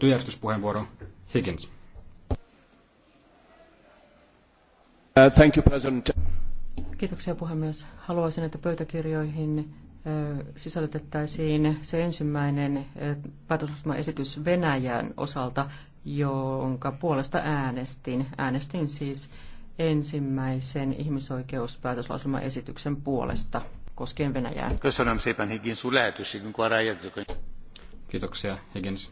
työjärjestyspuheenvuoro Higgins. Uh, thank you, President. Kiitoksia puhemies. Haluaisin, että pöytäkirjoihin uh, sisällytettäisiin se ensimmäinen uh, päätösosmaesitys Venäjän osalta, jonka puolesta äänestin. Äänestin siis ensimmäisen ihmisoikeuspäätöslauselmaesityksen puolesta koskien Venäjää. Higgins Kiitoksia Higgins.